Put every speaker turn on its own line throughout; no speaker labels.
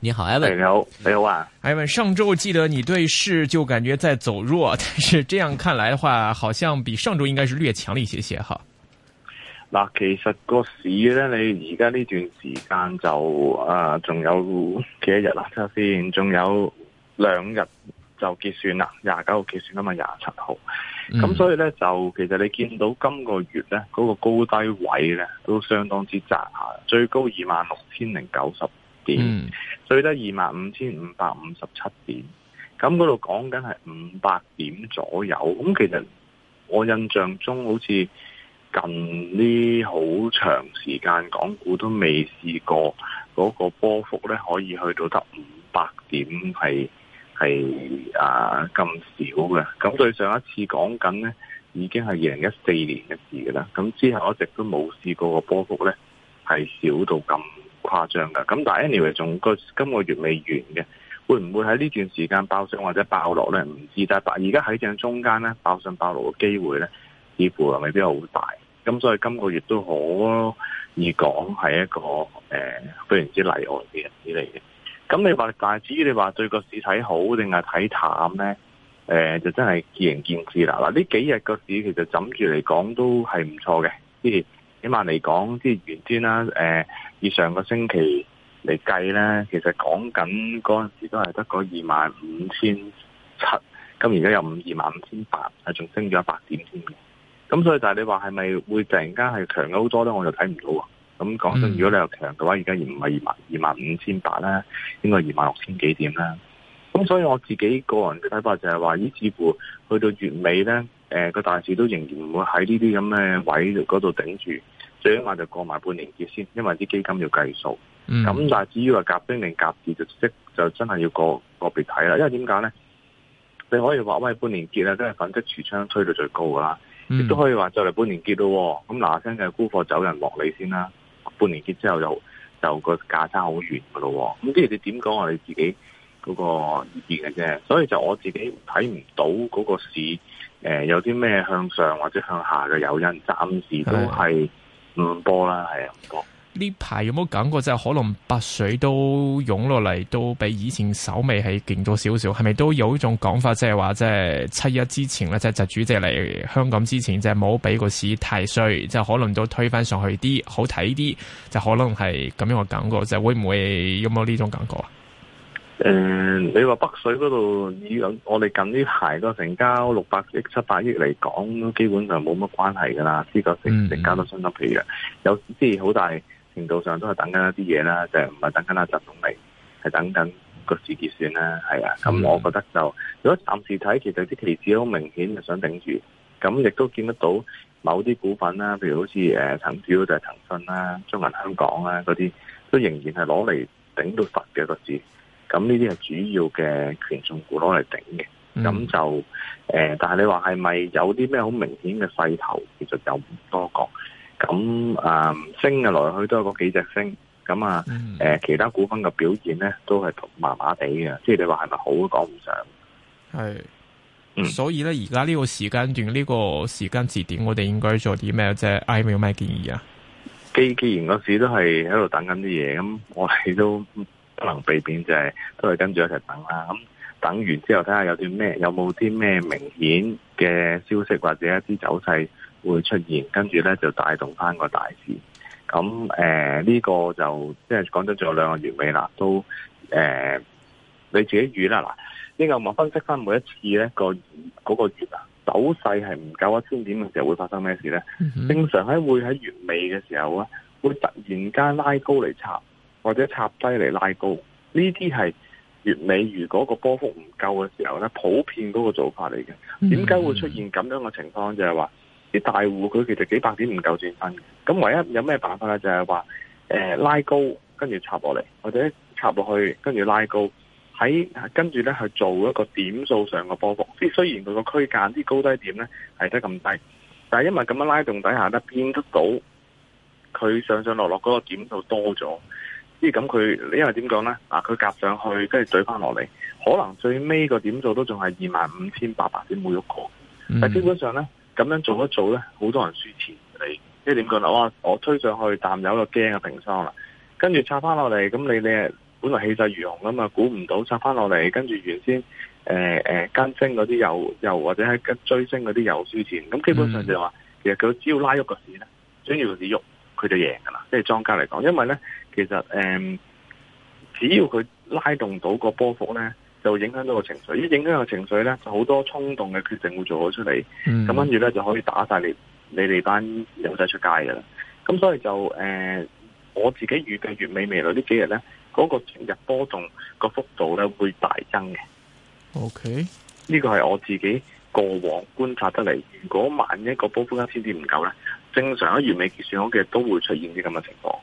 你好，Ivan，hey，
你，你好
啊 Ivan 上周記得你對市就感覺在走弱，但是這樣看來的話，好像比上周應該是略強了一些一些哈。
嗱，其實個市咧，你而家呢段時間就啊，仲、呃、有幾多日啦？睇下先，仲有兩日就結算啦，廿九號結算啊嘛，今日廿七號。咁、嗯、所以咧，就其實你見到今個月咧，嗰、那個高低位咧都相當之窄下，最高二萬六千零九十。嗯，最低二萬五千五百五十七點，咁嗰度講緊係五百點左右。咁其實我印象中，好似近呢好長時間，港股都未試過嗰個波幅咧，可以去到得五百點，係係啊，咁少嘅。咁對上一次講緊咧，已經係二零一四年嘅事㗎啦。咁之後我一直都冇試過個波幅咧，係少到咁。誇張噶，咁但係 anyway 仲個今個月未完嘅，會唔會喺呢段時間爆上或者爆落咧？唔知，但係而家喺正中間咧，爆上爆落嘅機會咧，似乎係未必好大。咁所以今個月都好易講係一個誒非常之例外嘅日子嚟嘅。咁你話，但係至於你話對個市睇好定係睇淡咧？誒、呃，就真係見仁見智啦。嗱，呢幾日個市其實枕住嚟講都係唔錯嘅，之前起碼嚟講，即係原先啦，誒、呃，以上個星期嚟計咧，其實講緊嗰陣時都係得個二萬五千七，咁而家又五二萬五千八，係仲升咗一百點添嘅。咁所以但係你話係咪會突然間係強咗好多咧？我就睇唔到。咁講真，如果你又強嘅話，而家而唔係二萬二萬五千八啦，應該二萬六千幾點啦。咁所以我自己個人嘅睇法就係話，咦，似乎去到月尾咧。誒，個、呃、大市都仍然唔會喺呢啲咁嘅位嗰度頂住，最起碼就過埋半年結先，因為啲基金要計數。咁、嗯、但係至於話夾兵定夾住，就即就真係要個個別睇啦。因為點解咧？你可以話喂半年結咧都係粉飾櫥窗推到最高噶啦，亦都、嗯、可以話就嚟半年結咯。咁嗱聲就沽貨走人獲利先啦。半年結之後就就個價差好遠噶咯。咁啲人你點講？話你自己嗰個意見嘅啫。所以就我自己睇唔到嗰個市。誒、呃，有啲咩向上或者向下嘅誘因，暫時都係唔多啦，係啊，
呢排有冇感覺即係、就是、可能北水都湧落嚟，都比以前稍微係勁咗少少？係咪都有一種講法，即係話即係七一之前咧，即、就、係、是、習主席嚟香港之前，就係冇俾個市太衰，即、就、係、是、可能都推返上去啲好睇啲，就可能係咁樣嘅感覺，就是、會唔會有冇呢種感覺啊？
誒、嗯，你話北水嗰度以我哋近呢排個成交六百億、七百億嚟講，基本上冇乜關係噶啦，呢個、嗯嗯、成，成交都相當疲弱，有啲好大程度上都係等緊一啲嘢啦，就唔、是、係等緊阿震動嚟，係等等個字結算啦，係啊，咁、嗯嗯、我覺得就如果暫時睇，其實啲期指好明顯就想頂住，咁亦都見得到某啲股份啦，譬如好似誒，騰、呃、主要就係騰訊啦、中銀香港啦嗰啲，都仍然係攞嚟頂到實嘅個字。咁呢啲係主要嘅權重股攞嚟頂嘅，咁、嗯、就誒、呃，但係你話係咪有啲咩好明顯嘅勢頭，其實有唔多講。咁啊，升、呃、嘅來去都係嗰幾隻升。咁啊，誒、呃，其他股份嘅表現咧都係麻麻地嘅，即係你話係咪好，都講唔上。
係是，嗯、所以咧而家呢個時間段、呢、這個時間字典，我哋應該做啲咩即 i Ivan 有咩建議啊？
既既然個市都係喺度等緊啲嘢，咁我哋都，不能避免就係、是、都係跟住一齊等啦。咁等完之後睇下有啲咩，有冇啲咩明顯嘅消息或者一啲走勢會出現，跟住咧就帶動翻個大市。咁誒呢個就即係講咗仲有兩個月尾啦，都誒、呃、你自己預啦嗱。呢、這個我分析翻每一次咧個嗰個月啊，走勢係唔夠一千點嘅時候會發生咩事咧？嗯、哼正常喺會喺月尾嘅時候啊，會突然間拉高嚟插，或者插低嚟拉高，呢啲係月尾如果個波幅唔夠嘅時候呢，普遍嗰個做法嚟嘅。點解會出現咁樣嘅情況？Mm hmm. 就係話啲大戶佢其實幾百點唔夠轉身嘅，咁唯一有咩辦法呢？就係話誒拉高，跟住插落嚟，或者插落去，跟住拉高，喺跟住呢去做一個點數上嘅波幅。即係雖然佢個區間啲高低點呢係得咁低，但係因為咁樣拉動底下呢變得到佢上上落落嗰個點數多咗。即係咁佢，因為點講咧？佢夾上去，跟住對翻落嚟，可能最尾個點做都仲係二萬五千八百點冇喐過。但基本上咧，咁樣做一做咧，好多人輸錢，你即係點講咧？我我推上去，淡友又驚啊平倉啦，跟住插翻落嚟，咁你你係本來氣勢如虹啊嘛，估唔到插翻落嚟，跟住原先誒誒跟升嗰啲友，又、呃呃、或者係追升嗰啲友輸錢。咁基本上就話，其實佢只要拉喐個市咧，將要市喐。佢就贏噶啦，即係莊家嚟講，因為咧，其實誒、呃，只要佢拉動到個波幅咧，就會影響到個情緒，一影響個情緒咧，就好多衝動嘅決定會做咗出嚟，咁跟住咧就可以打晒你你哋班友仔出街噶啦，咁所以就誒、呃，我自己預計月尾未來幾呢幾日咧，嗰、那個全日波動個幅度咧會大增嘅。OK，呢個係我自己過往觀察得嚟，如果萬一個波幅呢，千至唔夠咧？正常喺完美結算嘅，都會出現啲咁嘅情況。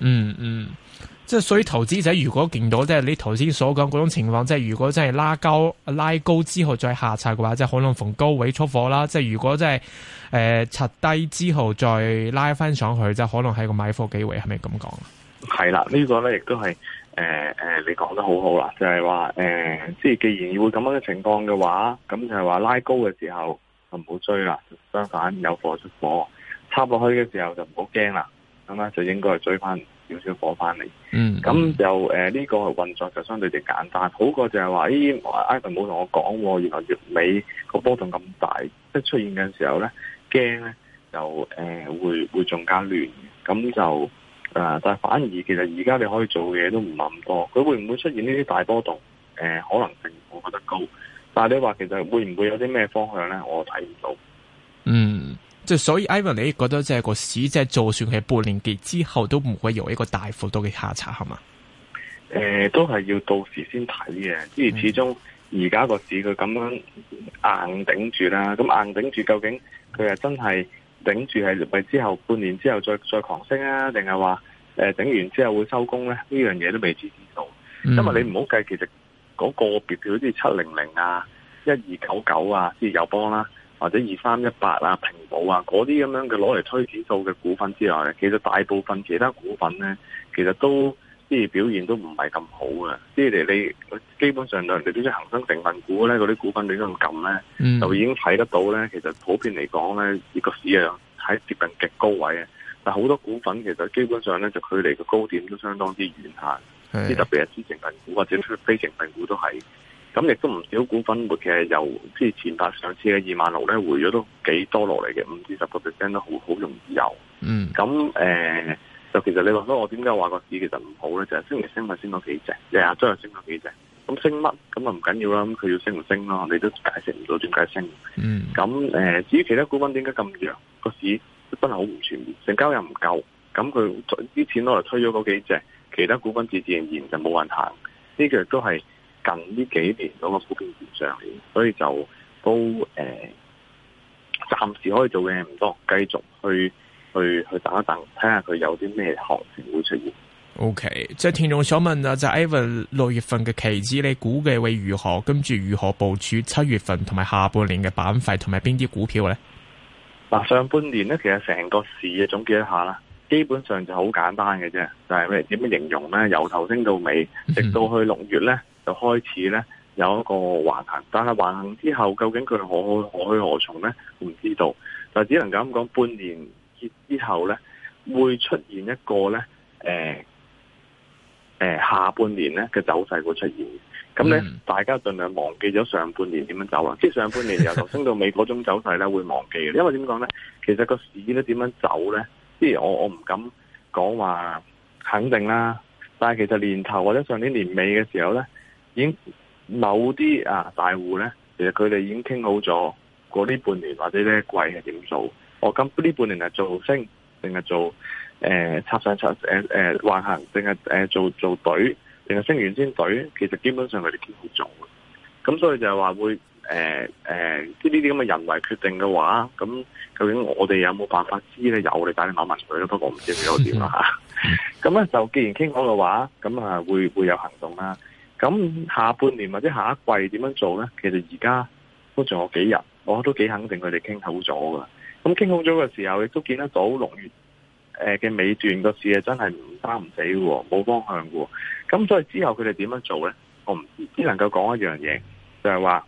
嗯
嗯，即、嗯、係所以投資者如果見到即係、就是、你頭先所講嗰種情況，即、就、係、是、如果真係拉高拉高之後再下插嘅話，即、就、係、是、可能逢高位出貨啦。即、就、係、是、如果即係誒插低之後再拉返上去，即就是、可能係個買貨機會，係咪咁講？
係啦，呢、這個咧亦都係誒誒，你講得好好啦，就係話誒，即、呃、係既然會咁樣嘅情況嘅話，咁就係話拉高嘅時候就唔好追啦，相反有貨出貨。插落去嘅時候就唔好驚啦，咁咧就應該係追翻少少火翻嚟。嗯、mm，咁、hmm. 就誒呢、呃這個運作就相對就簡單，好過就係話，咦，ivan 冇同我講，about, 原來月尾個波動咁大，一出現嘅時候咧驚咧，呢呃、就誒會會仲加亂，咁就誒，但係反而其實而家你可以做嘅嘢都唔係咁多，佢會唔會出現呢啲大波動？誒、呃，可能性我覺得高，但係你話其實會唔會有啲咩方向咧，我睇唔到。
即所以，Ivan，你覺得即係個市，即係就算係半年結之後，都唔會有一個大幅度嘅下挫，
係嘛？誒、呃，都係要到時先睇嘅，即係始終而家個市佢咁樣硬頂住啦，咁硬頂住究竟佢係真係頂住係咪之後半年之後再再狂升啊，定係話誒頂完之後會收工咧？呢樣嘢都未知知道，嗯、因為你唔好計，其實嗰個別票，好似七零零啊、一二九九啊，即係友邦啦。或者二三一八啊、平保啊嗰啲咁樣嘅攞嚟推指數嘅股份之外，其實大部分其他股份咧，其實都即係表現都唔係咁好嘅。即係你基本上，人哋都啲恒生成份股咧嗰啲股份亂咁撳咧，嗯、就已經睇得到咧。其實普遍嚟講咧，而個市啊喺接近極高位嘅，但係好多股份其實基本上咧就距離個高點都相當之遠下。即是的 特別係之前成份股或者非成份股都係。咁亦都唔少股份，活期由即係前日上次嘅二萬六咧，回咗都幾多落嚟嘅，五至十個 percent 都好好容易有。嗯、mm.，咁、呃、誒，就其實你話咗我點解話個市其實唔好咧？就係、是、星期星升咪升咗幾隻，日日都又升咗幾隻。咁升乜？咁啊唔緊要啦。咁佢要升唔升咯，你都解釋唔到點解升。嗯、mm.。咁、呃、誒，至於其他股份點解咁弱？個市真係好唔全面，成交又唔夠。咁佢啲錢攞嚟推咗嗰幾隻，其他股份自自然然就冇運行。呢、這個都係。近呢幾年嗰個普遍現象嚟，所以就都誒，暫、呃、時可以做嘅唔多，繼續去去去等一等，睇下佢有啲咩行情會出現。
O K，即係聽眾想問啊，就 Ivan，是、六月份嘅期指你估計會如何？跟住如何部署七月份同埋下半年嘅板塊同埋邊啲股票咧？
嗱，上半年咧，其實成個市嘅總結一下啦，基本上就好簡單嘅啫，就係咩？點樣形容咧？由頭升到尾，直到去六月咧。嗯嗯就開始咧，有一個橫行，但係橫行之後究竟佢何何去何從咧？唔知道，就只能咁講。半年之後咧，會出現一個咧，誒、欸欸、下半年咧嘅走勢會出現。咁咧，嗯、大家儘量忘記咗上半年點樣走啊！即係上半年由頭升到尾嗰種走勢咧，會忘記嘅。因為點講咧？其實個市咧點樣走咧？即係我我唔敢講話肯定啦。但係其實年頭或者上年年尾嘅時候咧。已經某啲啊大戶咧，其實佢哋已經傾好咗嗰呢半年或者咧季係點做？我咁呢半年係做升，定係做誒、呃、插上插誒誒橫行，定係誒做做隊，定係升完先隊？其實基本上佢哋傾好咗，咁所以就係話會誒誒呢啲咁嘅人為決定嘅話，咁究竟我哋有冇辦法知咧？有你我哋打電話問佢咯，不過我唔知佢有冇掂啦吓。咁咧 就既然傾好嘅話，咁啊會會有行動啦。咁下半年或者下一季點樣做呢？其實而家都仲有幾日，我都幾肯定佢哋傾好咗噶啦。咁傾好咗嘅時候，亦都見得到六月誒嘅尾段個市啊，真係唔生唔死喎，冇方向喎。咁所以之後佢哋點樣做呢？我唔知，只能夠講一樣嘢，就係話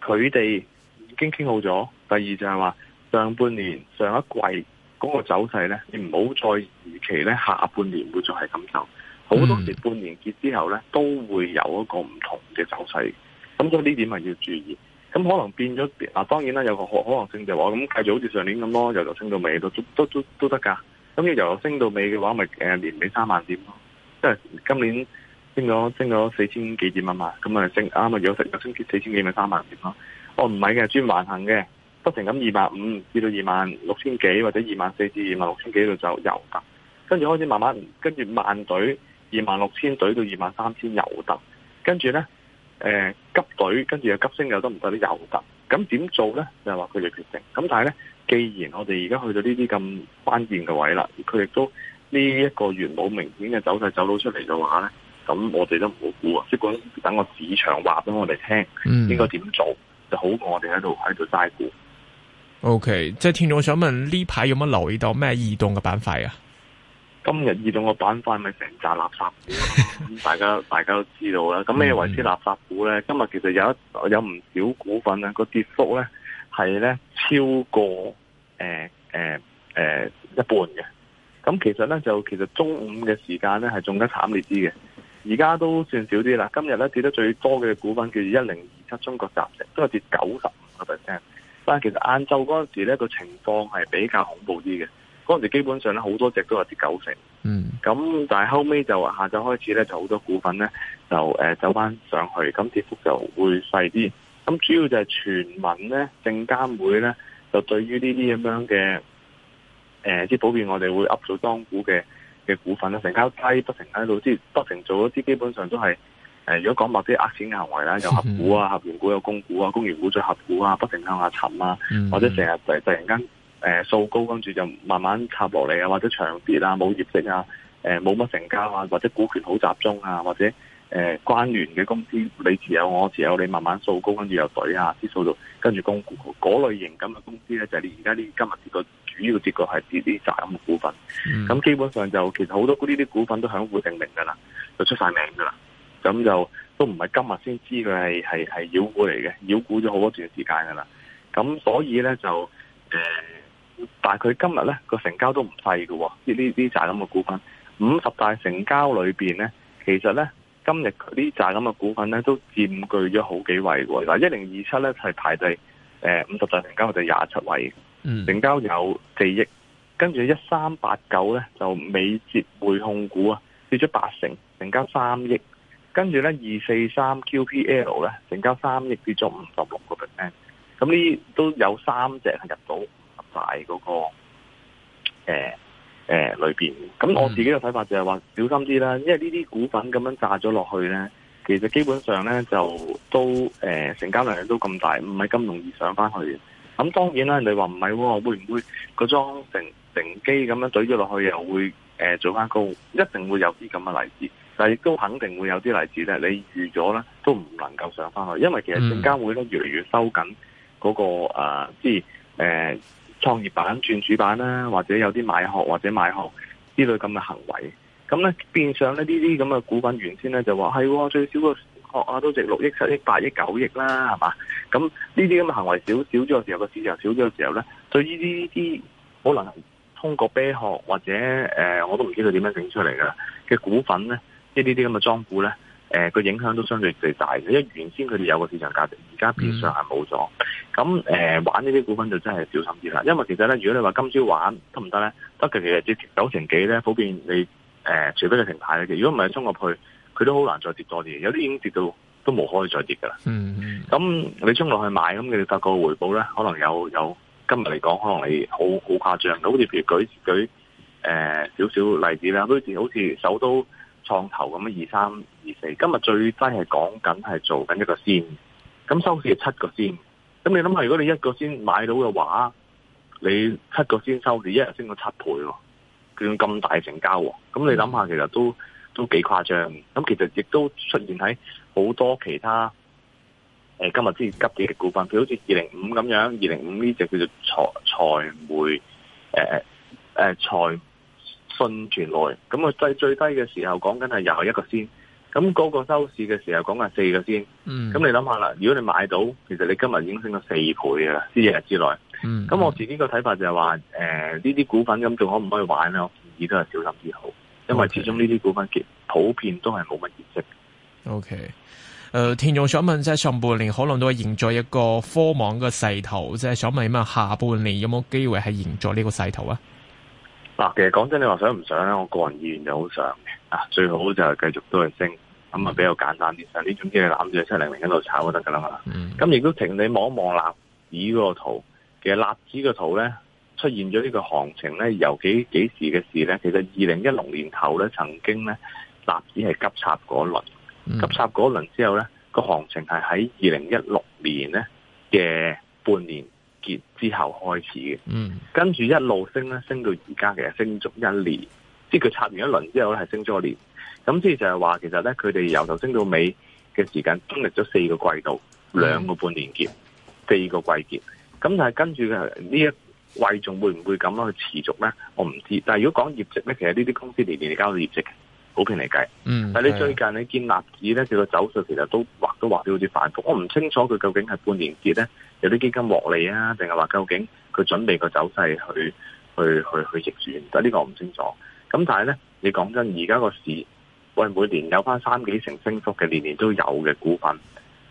佢哋已經傾好咗。第二就係話上半年上一季嗰個走勢呢，你唔好再預期呢，下半年會再係咁走。好、嗯、多時半年結之後咧，都會有一個唔同嘅走勢，咁所以呢點咪要注意。咁可能變咗當然啦，有個可可能性就話、是、咁繼續好似上年咁咯，由頭升到尾都都都都得㗎。咁要由頭升到尾嘅話，咪年尾三萬點咯。即係今年升咗升咗四千幾點啊嘛，咁啊升啱啊，有升跌四千幾咪三萬點咯。我唔係嘅，專橫行嘅，不停咁二萬五至到二萬六千幾或者二萬四至二萬六千幾度走遊㗎。跟住開始慢慢跟住萬隊。二萬六千跌到二萬三千又得，跟住呢誒、呃、急跌跟住又急升又得唔得咧？又得，咁點做呢？就係話佢哋決定。咁但係呢，既然我哋而家去到呢啲咁關鍵嘅位啦，佢亦都呢一個月冇明顯嘅走勢走攞出嚟嘅話呢，咁我哋都唔好估啊！即管等等個市場話俾我哋聽，應該點做就好過我哋喺度喺度齋估。
OK，即係聽眾想問呢排有冇留意到咩異動嘅板塊啊？
今日移動個板塊咪成紮垃圾股咁 大家大家都知道啦。咁咩為之垃圾股呢？今日其實有一有唔少股份啊，個跌幅呢，係咧超過誒誒、呃呃呃、一半嘅。咁其實呢，就其實中午嘅時間呢，係仲加慘烈啲嘅，而家都算少啲啦。今日呢，跌得最多嘅股份叫做一零二七中國集成，都係跌九十五個 percent。但係其實晏晝嗰陣時咧個情況係比較恐怖啲嘅。嗰時基本上咧，好多隻都係跌九成。嗯。咁但係後尾就下晝開始咧，就好多股份咧就、呃、走翻上去，咁跌幅就會細啲。咁主要就係全民咧，證監會咧就對於呢啲咁樣嘅誒，即、呃、係普遍我哋會噏咗當股嘅嘅股份啦，成交低，不停喺度，即係不停做嗰啲，基本上都係、呃、如果講白啲，呃錢嘅行為啦，有合股啊、合元股、有供股啊、公元股再合股啊，不停向下沉啊，嗯、或者成日就突然間。誒、掃、呃、高跟住就慢慢插落嚟啊，或者長跌啊，冇業績啊，誒、呃，冇乜成交啊，或者股權好集中啊，或者誒、呃，關聯嘅公司你持有我持有你，慢慢掃高跟住又懟啊，啲數到跟住供股嗰類型咁嘅公司咧，就係、是、你而家呢今日結個主要結果係自己賺嘅股份，咁、嗯、基本上就其實好多呢啲股份都響股定名噶啦，就出晒名噶啦，咁就都唔係今日先知佢係係係妖股嚟嘅，妖股咗好多段時間噶啦，咁所以咧就誒。呃但係佢今日咧個成交都唔細嘅喎，呢呢呢扎咁嘅股份，五十大成交裏邊咧，其實咧今日呢扎咁嘅股份咧都佔據咗好幾位喎、哦。嗱，一零二七咧係排第誒五十大成交第廿七位，嗯、成交有四億。跟住一三八九咧就美捷匯控股啊，跌咗八成，成交三億。跟住咧二四三 QPL 咧成交三億，跌咗五十六個 percent。咁呢都有三隻係入到。大嗰、那個誒誒、呃呃、裏邊，咁我自己嘅睇法就係話小心啲啦，因為呢啲股份咁樣炸咗落去咧，其實基本上咧就都誒、呃、成交量都咁大，唔係咁容易上翻去。咁當然啦，你話唔係喎，會唔會個莊趁趁機咁樣懟咗落去，又會誒、呃、做翻高？一定會有啲咁嘅例子，但係亦都肯定會有啲例子咧。你預咗咧，都唔能夠上翻去，因為其實證監會咧越嚟越收緊嗰、那個誒，即係誒。知呃創業板轉主板啦，或者有啲買殼或者買殼之類咁嘅行為，咁咧變相咧呢啲咁嘅股份原先咧就話係最少個殼啊都值六億七億八億九億啦，係嘛？咁呢啲咁嘅行為少少咗嘅時候，個市場少咗嘅時候咧，對於呢啲可能通過啤殼或者誒、呃、我都唔知佢點樣整出嚟嘅嘅股份咧，即係呢啲咁嘅莊股咧。誒個、呃、影響都相對最大嘅，因為原先佢哋有個市場價值，而家變相係冇咗。咁、呃、玩呢啲股份就真係小心啲啦。因為其實咧，如果你話今朝玩得唔得咧，得嘅其實只九成幾咧，普遍你誒除非你停牌嘅，如果唔係衝落去，佢都好難再跌再跌。有啲已經跌到都冇可以再跌噶啦。嗯，嗯，咁你衝落去買咁，你發個回報咧，可能有有今日嚟講，可能你好好誇張好似譬如舉舉誒少少例子啦，好似好似首都。創投咁樣二三二四。今日最低係講緊係做緊一個先，咁收市係七個先。咁你諗下，如果你一個先買到嘅話，你七個先收市一日升咗七倍喎，哦，賺咁大成交喎，哦。咁你諗下，其實都都幾誇張。咁其實亦都出現喺好多其他誒、呃，今日之前急跌嘅股份，譬如好似二零五咁樣，二零五呢隻叫做財財媒誒誒財。信傳媒咁啊最最低嘅時候講緊係又一個先，咁、嗰個收市嘅時候講緊係四個先，咁、嗯、你諗下啦，如果你買到，其實你今日已經升咗四倍啦，喺一日之內。咁、嗯、我自己個睇法就係話，誒呢啲股份咁仲可唔可以玩咧？我建議都係小心啲好，因為始終呢啲股份普遍都係冇乜業績。O K，誒
田總想問，即係上半年可能都係延續一個科網嘅勢頭，即係想問，咁下半年有冇機會係延續呢個勢頭啊？
啊，其實講真，你話想唔想咧？我個人意見就好想嘅。啊，最好就係繼續都係升，咁啊比較簡單啲。上啲總之你攬住七零零一度炒就得噶啦。咁亦都停，你望一望納指嗰個圖，其實納指個圖咧出現咗呢個行情咧，由幾幾時嘅事咧？其實二零一六年頭咧，曾經咧納指係急插嗰輪，mm hmm. 急插嗰輪之後咧，個行情係喺二零一六年咧嘅半年。結之後開始嘅，跟住一路升咧，升到而家其實升足一年，即係佢拆完一輪之後咧，係升咗一年。咁即係就係話，其實咧佢哋由頭升到尾嘅時間經歷咗四個季度，兩個半年結，四個季結。咁但係跟住呢一季仲會唔會咁樣去持續咧？我唔知。但係如果講業績咧，其實呢啲公司年年交到業績嘅。普遍嚟計，嗯、但係你最近你見納指咧，佢個走勢其實都畫都畫得好似反覆，我唔清楚佢究竟係半年結咧，有啲基金獲利啊，定係話究竟佢準備個走勢去去去去逆轉？但係呢個我唔清楚。咁但係咧，你講真，而家個市喂每年有翻三幾成升幅嘅年年都有嘅股份，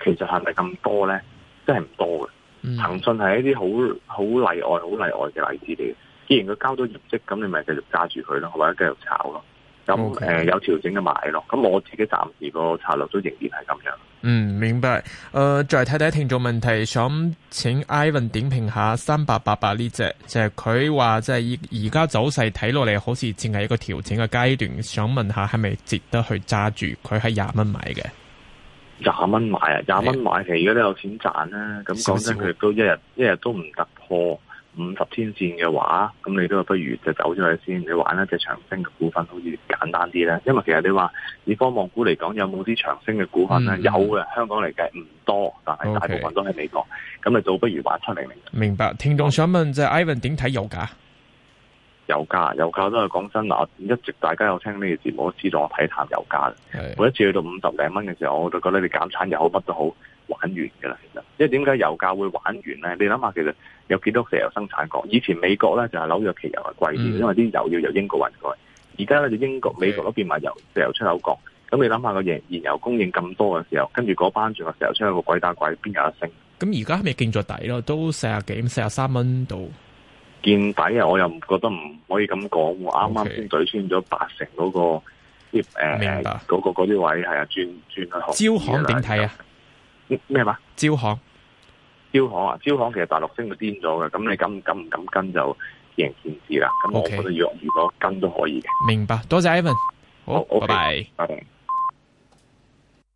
其實係咪咁多咧？真係唔多嘅。騰訊係一啲好好例外、好例外嘅例子嚟嘅。既然佢交咗業績，咁你咪繼續揸住佢咯，或者繼續炒咯。咁誒，Okay. 有調整嘅買咯。咁我自己暫時個策略都仍然係咁樣。
嗯，明白。誒、呃，再睇睇聽眾問題，想請 Ivan 點評下三百八八呢隻，就係佢話即係而家走勢睇落嚟，好似淨係一個調整嘅階段。想問下，係咪值得去揸住？佢喺廿蚊買嘅，
廿蚊買啊，廿蚊買，買其實而家都有錢賺啦，啊。咁講真，佢都一日一日都唔突破，五十天線嘅話，咁你都不如就走咗去先，你玩一隻長升嘅股份好似簡單啲咧。因為其實你話以科網股嚟講，有冇啲長升嘅股份咧？嗯、有嘅，香港嚟計唔多，但係大部分都喺美國。咁 Okay. 你倒不如玩出嚟明。
明白，聽眾想問就係 Ivan 點睇油價？
油價，油價都係講真嗱，我一直大家有聽呢個節目，都知道我睇淡油價。的每一次去到五十零蚊嘅時候，我就覺得你減產又好乜都好，玩完㗎啦。其實，因為點解油價會玩完呢？你諗下，其實有幾多石油生產國？以前美國呢，就係紐約期油係貴啲，嗯、因為啲油要由英國運過嚟。而家呢，就英國、的美國都變埋油、石油出口國。咁你諗下個燃油供應咁多嘅時候，跟住嗰班仲個石油出口國鬼打鬼，邊有得升？
咁而家係咪見咗底咯？都四十幾、四十三蚊度。
見底啊！我又唔覺得唔可以咁講，我啱啱先懟穿咗八成嗰、那個，誒嗰個嗰啲、那個、位係啊，轉轉去行。招行點睇啊？咩話？招行？招行啊？招行其實大陸升到癲咗嘅，咁你敢敢唔敢跟就見仁見智啦。咁 Okay. 我覺得若如果跟都可以嘅。
明白，多謝 Ivan。
好，拜拜、oh,
okay.。